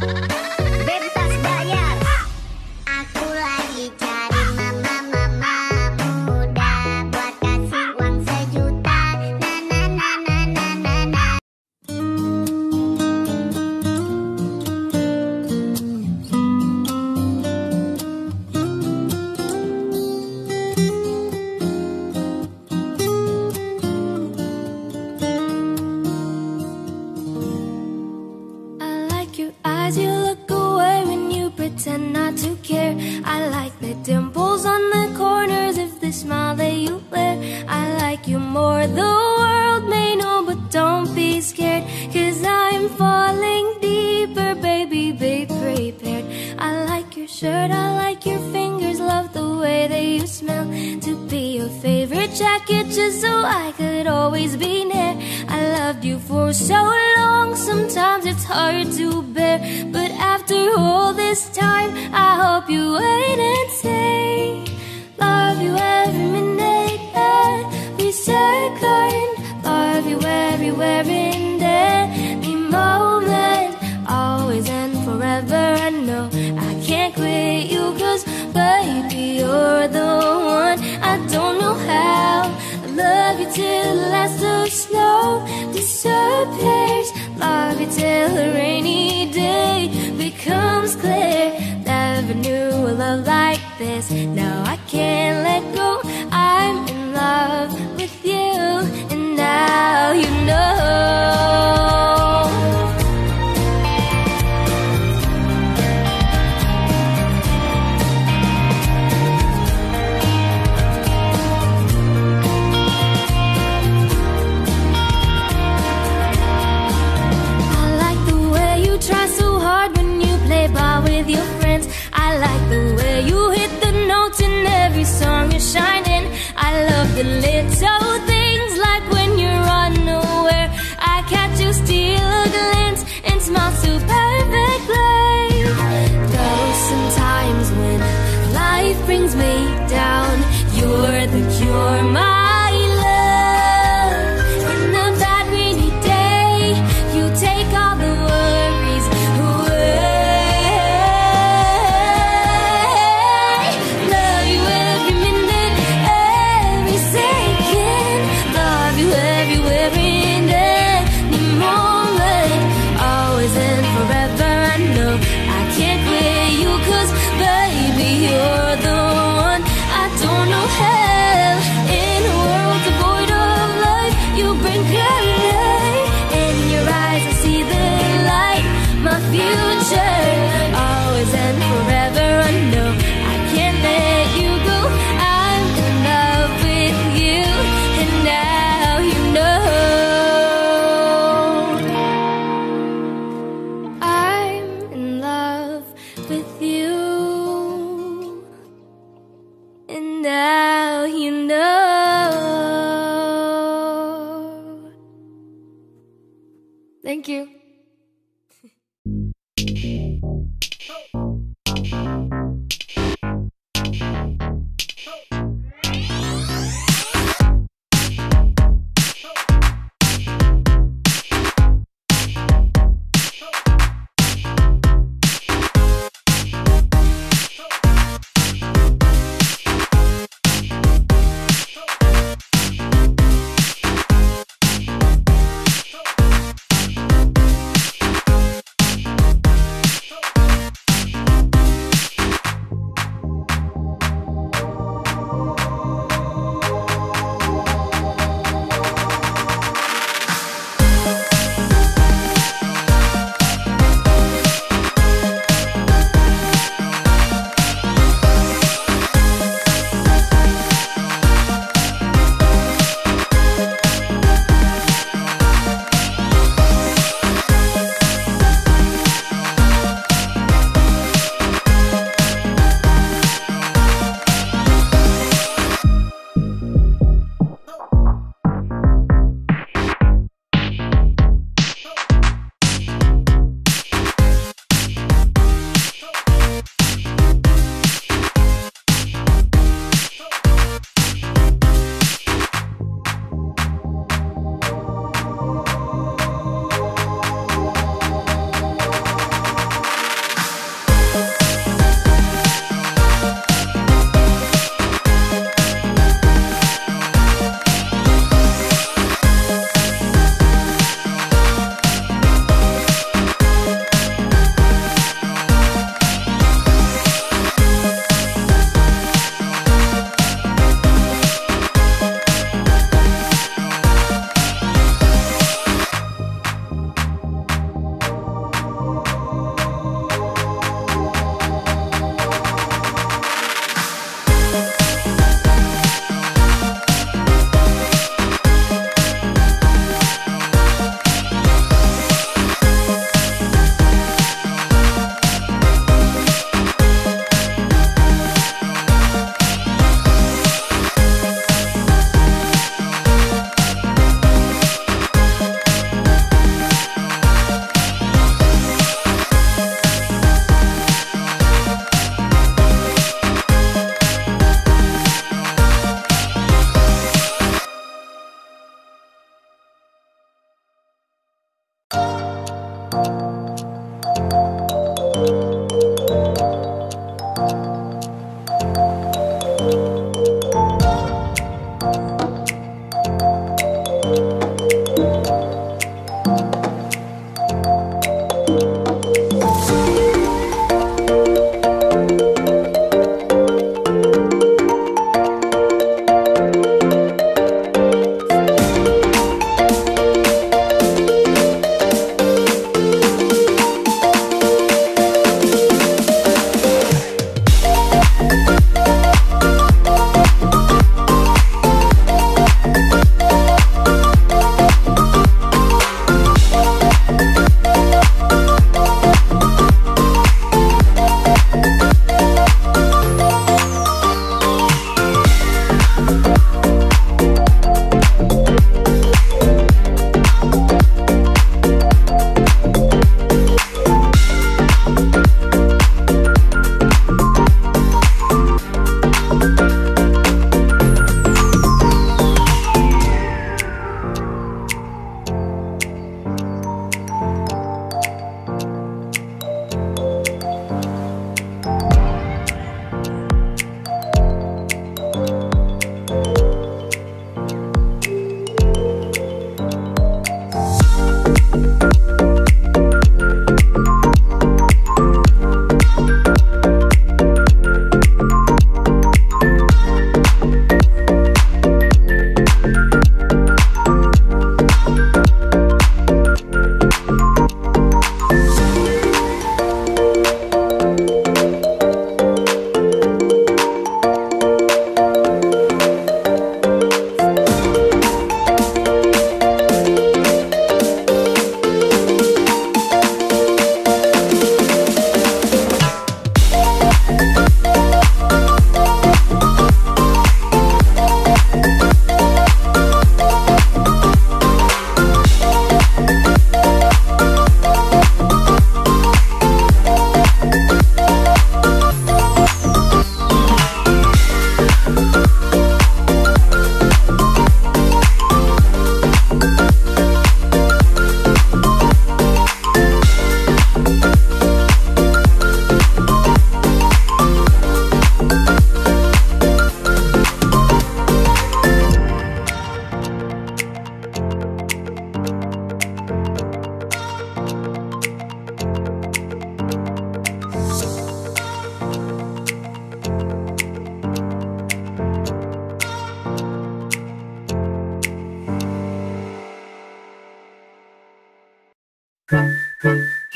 you. jacket just so I could always be near. I loved you for so long, sometimes it's hard to bear. But after all this time, I hope you wait and say, Love you every minute that we second, love you everywhere. till as the snow disappears Love it till a rainy day becomes clear Never knew a love like this Now I Thank you.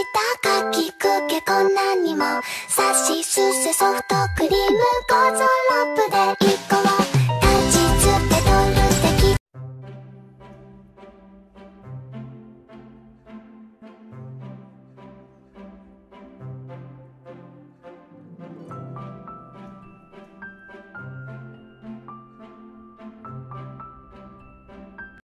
したかきくけこんなにもさしすせソフトクリーム小僧ラップでいこう